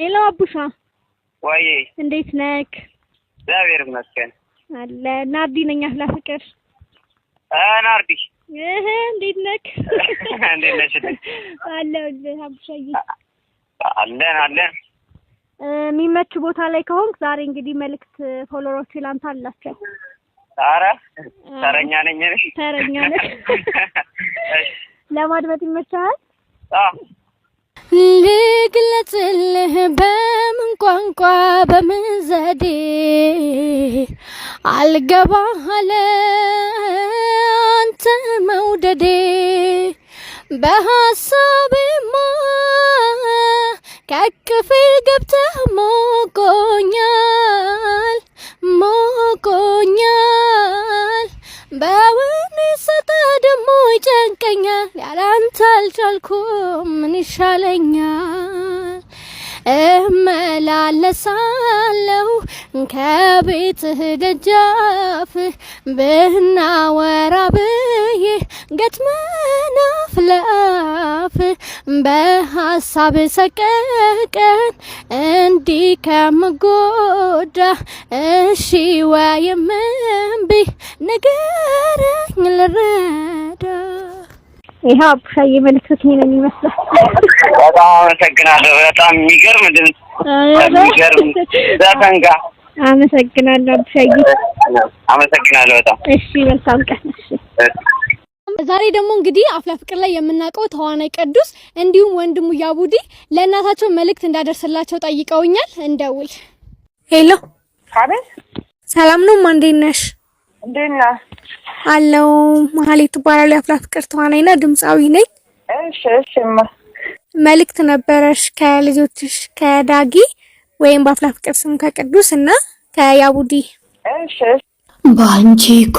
ሄሎ አቡሻ፣ ወይ እንዴት ነክ? እግዚአብሔር ይመስገን አለ። ናርዲ ነኝ አህላ ፍቅር። ናርዲ እህ እንዴት ነክ? እንዴት ነሽ? አለሁልህ አቡሻዬ። አለን አለን። የሚመች ቦታ ላይ ከሆንክ ዛሬ እንግዲህ መልእክት ፎሎወሮች ላንተ አላቸው። አረ ተረኛ ነኝ እኔ ተረኛ ነኝ። ለማድመጥ ይመችሃል? አዎ ልግለጽልህ በምን ቋንቋ በምን ዘዴ አልገባ አለ አንተ መውደዴ በሀሳቤማ ከቅፌ ገብተህ ሞቆኛል ሞቆኛል በውኔ ሰጠ ደሞ ይጨንቀኛል ያላ አልቻልኩም ምን ይሻለኛል? እመላለሳለሁ ከቤትህ ደጃፍ ብናወራ ብዬ ገጥመን አፍ ለአፍ በሀሳብ ሰቀቀን እንዲህ ከምጎዳ እሺ ወይም እምቢ ንገረኝ ልረዳ ይሄ አቡሻዬ መልእክት ይሄንን ይመስላል። በጣም አመሰግናለሁ። በጣም የሚገርም ድምፅ፣ የሚገርም ዘፈን ጋር አመሰግናለሁ። አቡሻዬ አመሰግናለሁ በጣም እሺ፣ መልካም ቀን። ዛሬ ደግሞ እንግዲህ አፍላ ፍቅር ላይ የምናውቀው ተዋናይ ቅዱስ እንዲሁም ወንድሙ ያቡዲ ለእናታቸው መልእክት እንዳደርስላቸው ጠይቀውኛል። እንደውል ሄሎ፣ ሰላም ነው? ማንዴነሽ? እንዴት አለው መሀሌት ትባላለች። የአፍላ ፍቅር ተዋናይ እና ድምፃዊ ነኝ። እሺ እሺ። መልእክት ነበረሽ ከልጆችሽ ከዳጊ ወይም በአፍላ ፍቅር ስሙ ከቅዱስ እና ከያቡዲ። እሺ። ባንቺ እኮ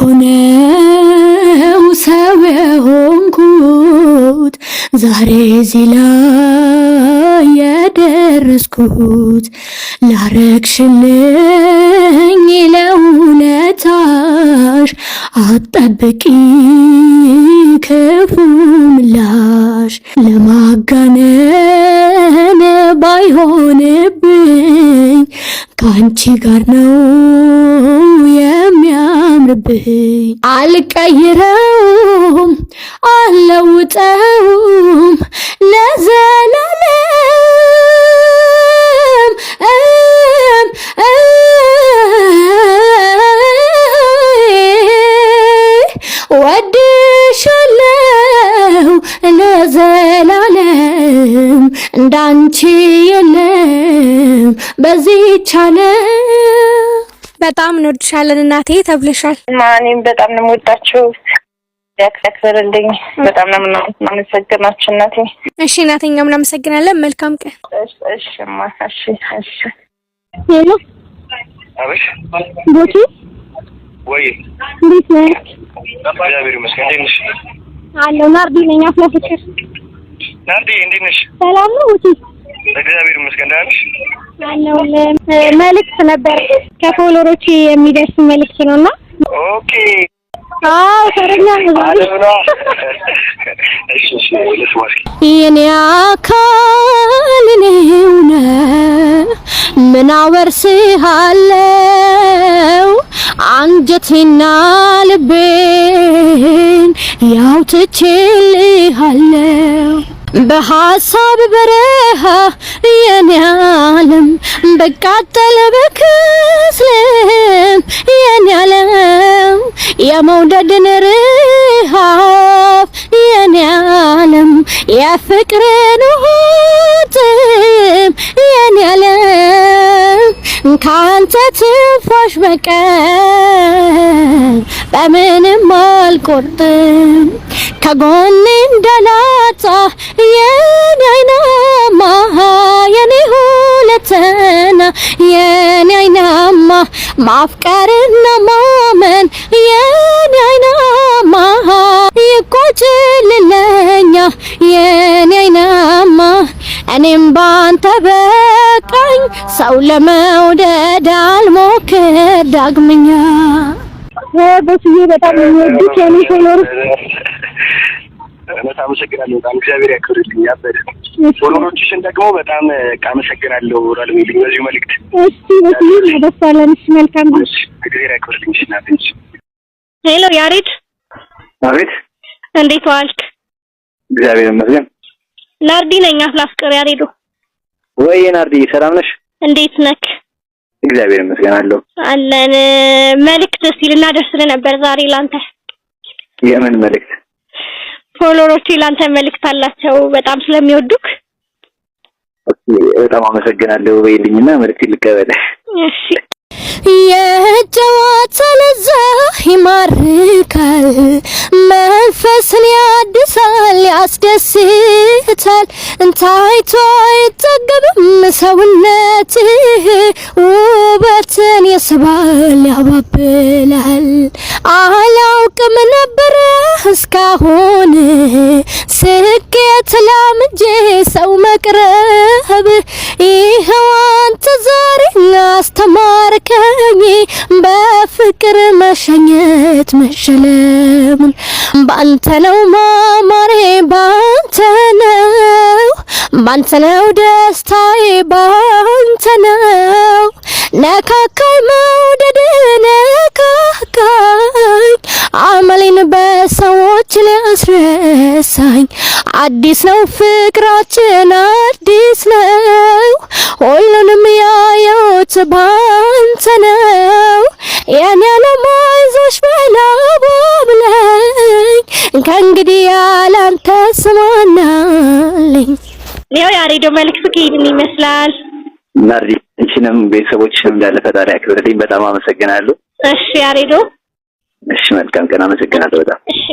ሰው የሆንኩት ዛሬ እዚህ ላይ የደረስኩት ላረግሽልኝ ለውለታ ምላሽ አጠብቂ ክፉ ምላሽ ለማጋነን ባይሆንብኝ ከአንቺ ጋር ነው የሚያምርብኝ። አልቀይረውም አለውጠውም ለዘላለም እንዳንቺ የለም በዚህ ቻለ በጣም እንወድሻለን እናቴ ተብለሻል። እኔም በጣም ነው የምወዳችሁ። ያክሰክበርልኝ በጣም ነው የምናመሰግናችሁ እናቴ። እሺ እናቴ እኛም እናመሰግናለን። መልካም ቀን። እሺ እሺ እሺ። ሄሎ አብሽ ቦቲ ወይ እንዴት ነሽ? እግዚአብሔር ይመስገን። እንዴት ነሽ? አለሁ ናርዲ ነኝ። አፍላ ፍቅር ናንዲ እንዴት ነሽ? ሰላም ነው ውጪ። እግዚአብሔር ይመስገን ደህና ነሽ? አለው መልዕክት ነበር ከፎሎሮች የሚደርስ መልዕክት ነውና። ኦኬ አዎ ሰረኛ ነው። እሺ እሺ ለስዋሽ የኔ አካል ነው ምን አወርስሃለው አንጀቴና ልቤን ያው ያውትቼልሃለው በሐሳብ በረሃ የኔ ዓለም በቃጠለ በክስልም የኔ ዓለም የመውደድን ርሃብ የኔ ዓለም የፍቅርን ውጥም የኔ ዓለም ከአንተ ትንፋሽ በቀር በምንም አልቆርጥም ከጎን እንዳላጣ የኔ አይናማ የኔ ሁለተና የኔ አይናማ ማፍቀርና ማመን የኔ አይናማ ይቆጭልለኛ የኔ አይናማ እኔም ባንተ በቃኝ ሰው ለመውደድ አልሞክር ዳግመኛ ቦስዬ በጣም የሚወዱት የኔ ቴኖር እውነት አመሰግናለሁ። በጣም እግዚአብሔር ያክብርልኝ። ያበደ ፎሎኖችሽን ደግሞ በጣም አመሰግናለሁ። ራል በዚሁ መልእክት ደስ መልካም እግዚአብሔር ያክብርልኝ። ሽናትንች ሄሎ፣ ያሬድ። አቤት፣ እንዴት ዋልክ? እግዚአብሔር ይመስገን። ናርዲ ነኝ። አፍላፍቅር ያሬዶ። ወይ ናርዲ፣ ሰላም ነሽ? እንዴት ነክ? እግዚአብሔር ይመስገን አለሁ። አለን መልእክት እስቲ ልናደርስልህ ነበር ዛሬ ላንተ። የምን መልእክት? ፎሎወሮቹ ላንተ መልእክት አላቸው በጣም ስለሚወዱክ። በጣም አመሰግናለሁ። በይልኝና መልእክት ልቀበል። እሺ የጨዋታ ለዛ ይማርካል። መንፈስን ያድሳል ያስደስታል። ታይቶ አይጠገብም ሰውነትህ ውበትን የስባል ያባብላል። አላውቅም ነበረ እስካሁን ስኬት ላምጄ ሰው መቅረብ ይኸው አንተ ዛሬ አስተማርከኝ በፍቅር መሸኘት መሸለ ዓለሙን ባንተ ነው ማማሬ ባንተ ነው ባንተ ነው ደስታዬ ባንተ ነው ነካካይ መውደድ ነካካይ አመሌን በሰዎች ሊያስረሳኝ አዲስ ነው ፍቅራችን አዲስ ነው ሁሉንም ያየሁት ያው የሬዲዮ መልዕክት ይህን ይመስላል። ናርዲ እንቺንም ቤተሰቦችሽንም እንዳለ ፈጣሪ ያክብርልኝ። በጣም አመሰግናለሁ። እሺ ያሬዶ። እሺ መልካም ቀን። አመሰግናለሁ በጣም እሺ።